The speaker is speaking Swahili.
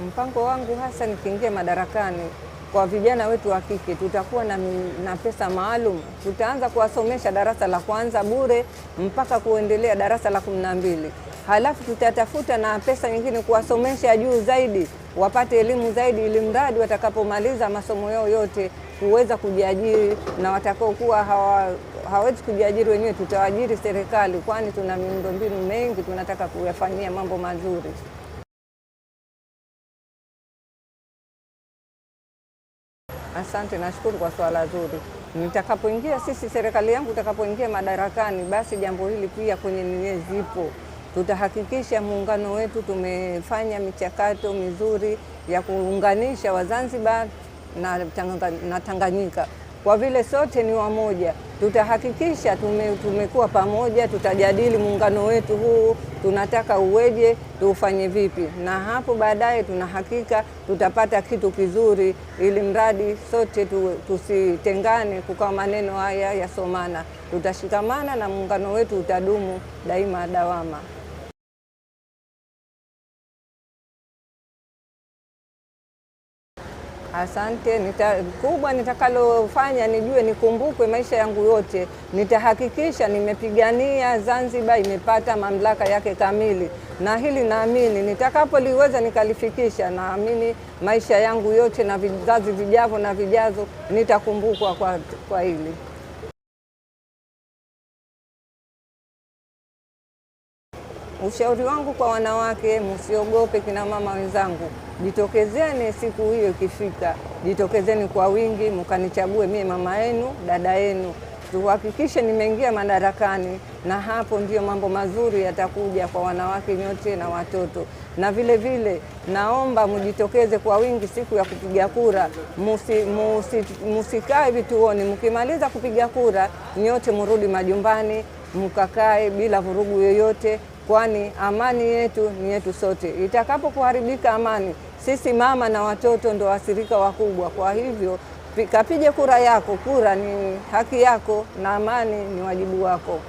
Mpango wangu hasa nikiingia madarakani, kwa vijana wetu wa kike tutakuwa na, na pesa maalum. Tutaanza kuwasomesha darasa la kwanza bure mpaka kuendelea darasa la kumi na mbili. Halafu tutatafuta na pesa nyingine kuwasomesha juu zaidi, wapate elimu zaidi, ili mradi watakapomaliza masomo yao yote kuweza kujiajiri, na watakaokuwa hawa hawezi kujiajiri wenyewe, tutawajiri serikali, kwani tuna miundombinu mengi tunataka kuyafanyia mambo mazuri. Asante, nashukuru kwa swala zuri. Nitakapoingia sisi, serikali yangu itakapoingia madarakani, basi jambo hili pia kwenye nia zipo, tutahakikisha muungano wetu tumefanya michakato mizuri ya kuunganisha Wazanzibar na, na Tanganyika kwa vile sote ni wamoja, tutahakikisha tume, tumekuwa pamoja, tutajadili muungano wetu huu tunataka uweje, tuufanye vipi, na hapo baadaye tuna hakika tutapata kitu kizuri, ili mradi sote tu, tusitengane kukawa maneno haya yasomana. Tutashikamana na muungano wetu utadumu daima dawama. Asante. Nita, kubwa nitakalofanya nijue nikumbukwe maisha yangu yote, nitahakikisha nimepigania Zanzibar imepata mamlaka yake kamili, na hili naamini nitakapoliweza nikalifikisha, naamini maisha yangu yote na vizazi vijavyo na vijazo nitakumbukwa kwa, kwa hili. Ushauri wangu kwa wanawake, msiogope, kina mama wenzangu Jitokezeni siku hiyo ikifika, jitokezeni kwa wingi, mkanichague mie mama yenu, dada yenu, tuhakikishe nimeingia madarakani, na hapo ndiyo mambo mazuri yatakuja kwa wanawake nyote na watoto. Na vile vile naomba mjitokeze kwa wingi siku ya kupiga kura, musikae musi, musi vituoni. Mkimaliza kupiga kura, nyote murudi majumbani, mkakae bila vurugu yoyote kwani amani yetu ni yetu sote. Itakapokuharibika amani, sisi mama na watoto ndo wasirika wakubwa. Kwa hivyo kapige kura yako. Kura ni haki yako na amani ni wajibu wako.